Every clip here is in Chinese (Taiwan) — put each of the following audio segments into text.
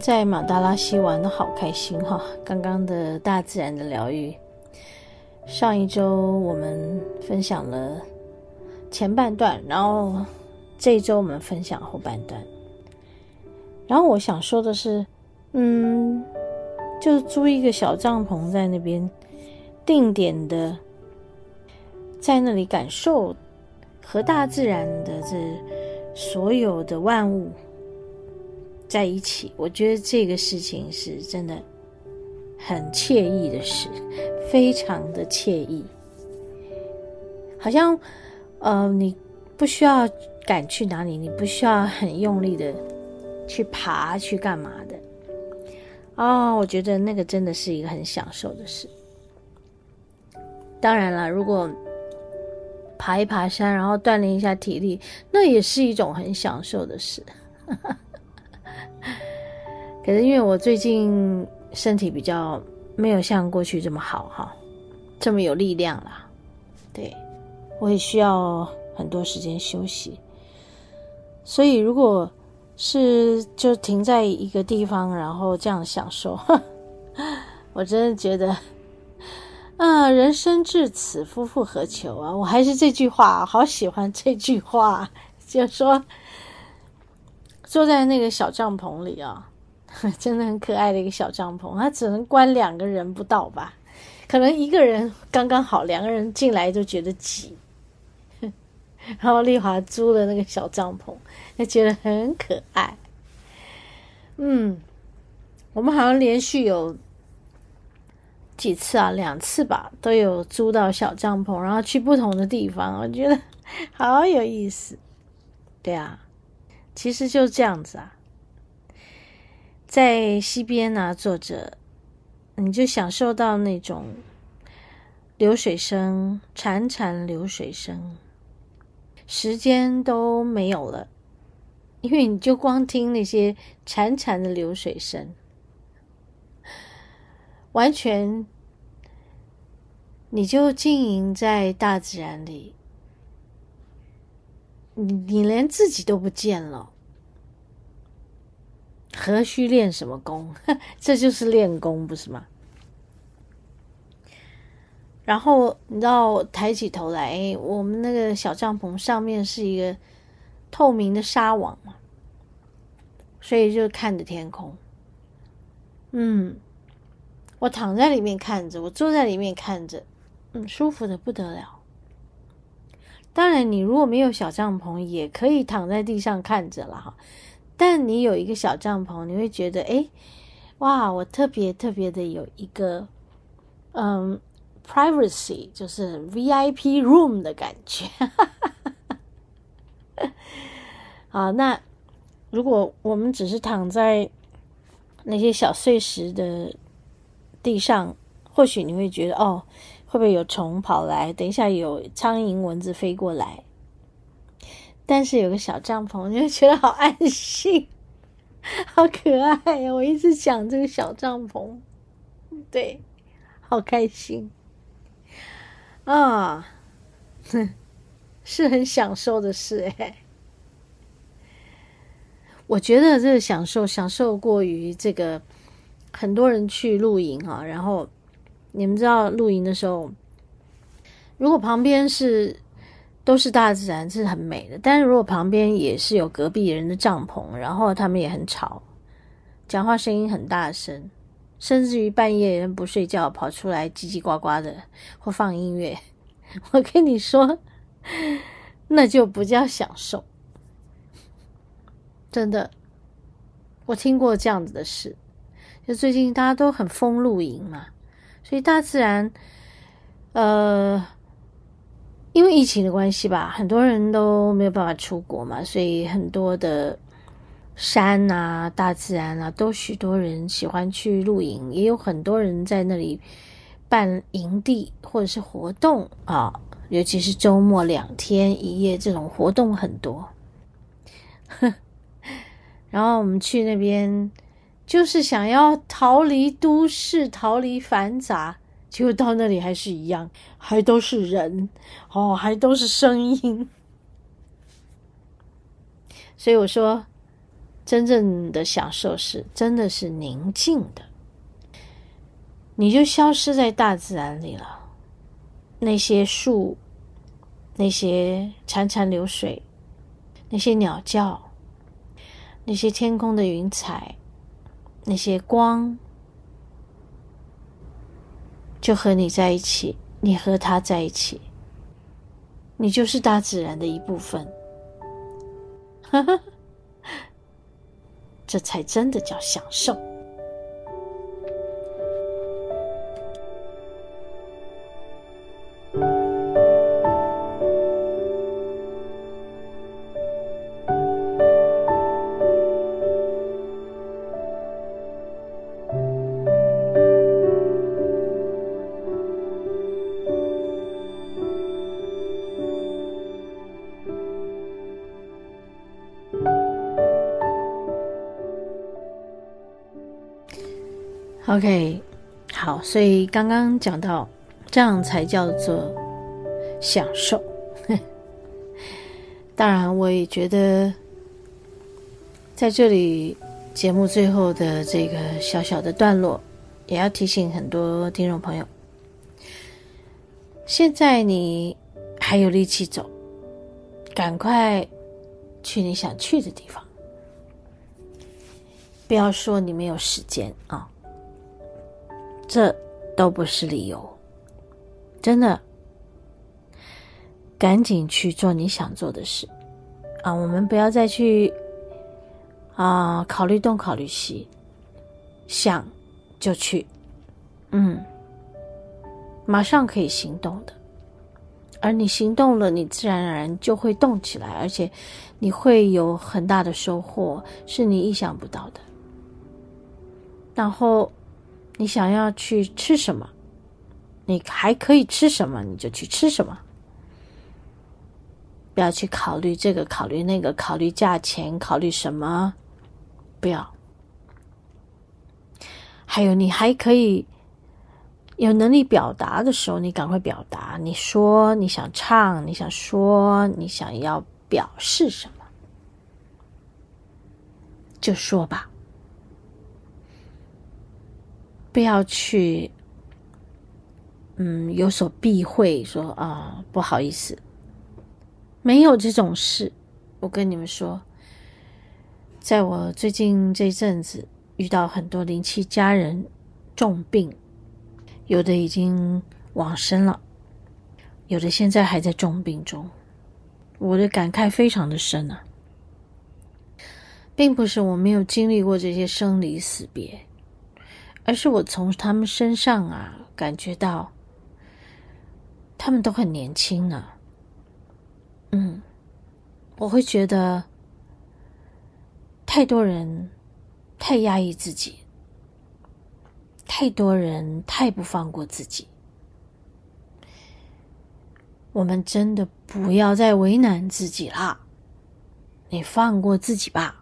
在馬達拉溪玩得好開心哈、哦！剛剛的大自然的療癒，上一周我們分享了前半段，然後這一周我們分享後半段。然後我想說的是，嗯，就是租一個小帳篷在那邊定點的，在那裡感受和大自然的這所有的萬物。在一起，我覺得這個事情是真的很愜意的事，非常的愜意。好像呃，你不需要趕去哪裡，你不需要很用力的去爬去幹嘛的。哦，我覺得那個真的是一個很享受的事。當然了，如果爬一爬山，然後鍛鍊一下體力，那也是一種很享受的事。呵呵可是因為我最近身體比較沒有像過去這麼好哈，這麼有力量啦！對，我也需要很多時間休息。所以如果是就停在一個地方，然後這樣享受，呵我真的覺得，啊，人生至此夫復何求啊！我還是這句話，好喜歡這句話，就是說坐在那個小帳篷裡啊。真的很可愛的一個小帳篷，它只能關兩個人不到吧？可能一個人剛剛好，兩個人進來就覺得擠。哼，然後麗華租了那個小帳篷，他覺得很可愛。嗯，我們好像連續有幾次啊，兩次吧，都有租到小帳篷，然後去不同的地方，我覺得好有意思。對啊，其實就是這樣子啊。在溪邊啊，坐着，你就享受到那種流水聲，潺潺流水聲，時間都沒有了，因為你就光聽那些潺潺的流水聲，完全你就浸淫在大自然裡，你你連自己都不見了。何須練什麼功呵？這就是練功，不是嗎？然後你知道，抬起頭來，我們那個小帳篷上面是一個透明的紗網嘛，所以就看着天空。嗯，我躺在裡面看着，我坐在裡面看着，嗯，舒服的不得了。當然，你如果沒有小帳篷，也可以躺在地上看着了哈。但你有一個小帳篷，你會覺得，哎、欸，哇，我特別特別的有一個，嗯，privacy，就是 VIP room 的感覺。啊， 那如果我們只是躺在那些小碎石的地上，或許你會覺得，哦，會不會有蟲跑來？等一下有蒼蠅、蚊子飛過來。但是有個小帳篷，你就覺得好安心，好可愛、啊。我一直講這個小帳篷，對，好開心啊，哼，是很享受的事哎、欸。我覺得這個享受，享受過於這個很多人去露營啊。然後你們知道露營的時候，如果旁邊是。都是大自然是很美的，但是如果旁邊也是有隔壁人的帳篷，然後他們也很吵，講話聲音很大聲，甚至於半夜人不睡覺跑出來嘰嘰呱呱的或放音樂，我跟你說，那就不叫享受，真的，我聽過這樣子的事，就最近大家都很瘋露營嘛，所以大自然，呃。因為疫情的關係吧，很多人都沒有辦法出國嘛，所以很多的山啊、大自然啊，都許多人喜歡去露營，也有很多人在那裡辦營地或者是活動啊，尤其是周末兩天一夜這種活動很多。 然後我們去那邊，就是想要逃離都市，逃離繁雜。結果到那裡還是一樣，還都是人，哦，還都是聲音。所以我說，真正的享受是真的是寧靜的，你就消失在大自然裡了。那些樹，那些潺潺流水，那些鳥叫，那些天空的雲彩，那些光。就和你在一起，你和他在一起，你就是大自然的一部分， 這才真的叫享受。OK，好，所以剛剛講到，這樣才叫做享受。 當然，我也覺得，在這裡節目最後的這個小小的段落，也要提醒很多聽眾朋友：現在你還有力氣走，趕快去你想去的地方，不要說你沒有時間啊。哦這都不是理由，真的，趕緊去做你想做的事，啊，我們不要再去啊考慮東考慮西，想就去，嗯，馬上可以行動的，而你行動了，你自然而然就會動起來，而且你會有很大的收穫，是你意想不到的，然後。你想要去吃什麼，你還可以吃什麼，你就去吃什麼。不要去考慮這個，考慮那個，考慮價錢，考慮什麼，不要。還有，你還可以有能力表達的時候，你趕快表達。你說你想唱，你想說，你想要表示什麼，就說吧。不要去，嗯，有所避諱，說啊，不好意思，沒有這種事。我跟你們說，在我最近這陣子遇到很多靈氣家人重病，有的已經往生了，有的現在還在重病中，我的感慨非常的深啊，並不是我沒有經歷過這些生離死別。而是我從他們身上啊，感覺到，他們都很年輕呢。嗯，我會覺得，太多人太壓抑自己，太多人太不放過自己。我們真的不要再為難自己啦，嗯，你放過自己吧。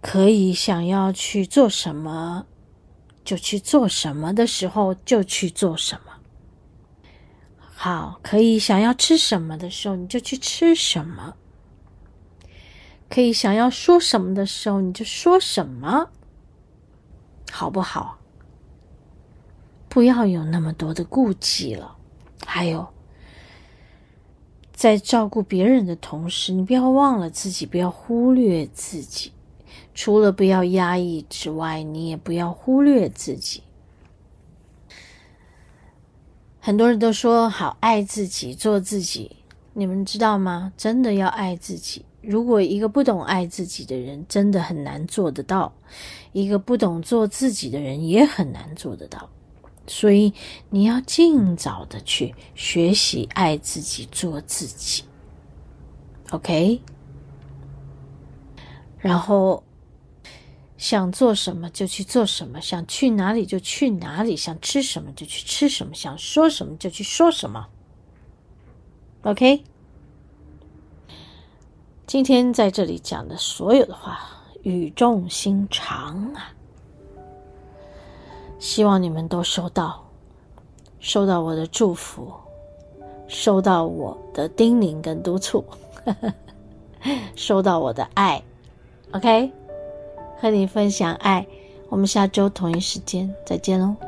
可以想要去做什麼，就去做什麼的時候就去做什麼。好，可以想要吃什麼的時候你就去吃什麼。可以想要說什麼的時候你就說什麼。好不好？不要有那麼多的顧忌了。還有，在照顧別人的同時，你不要忘了自己，不要忽略自己。除了不要壓抑之外，你也不要忽略自己。很多人都說好愛自己，做自己，你們知道嗎？真的要愛自己。如果一個不懂愛自己的人，真的很難做得到；一個不懂做自己的人，也很難做得到。所以你要盡早的去學習愛自己，做自己。OK，然後。想做什麼就去做什麼，想去哪裡就去哪裡，想吃什麼就去吃什麼，想說什麼就去說什麼。OK，今天在這裡講的所有的話，語重心長啊！希望你們都收到，收到我的祝福，收到我的叮嚀跟督促，呵呵收到我的愛。OK。和你分享愛，我們下周同一時間再見嘍。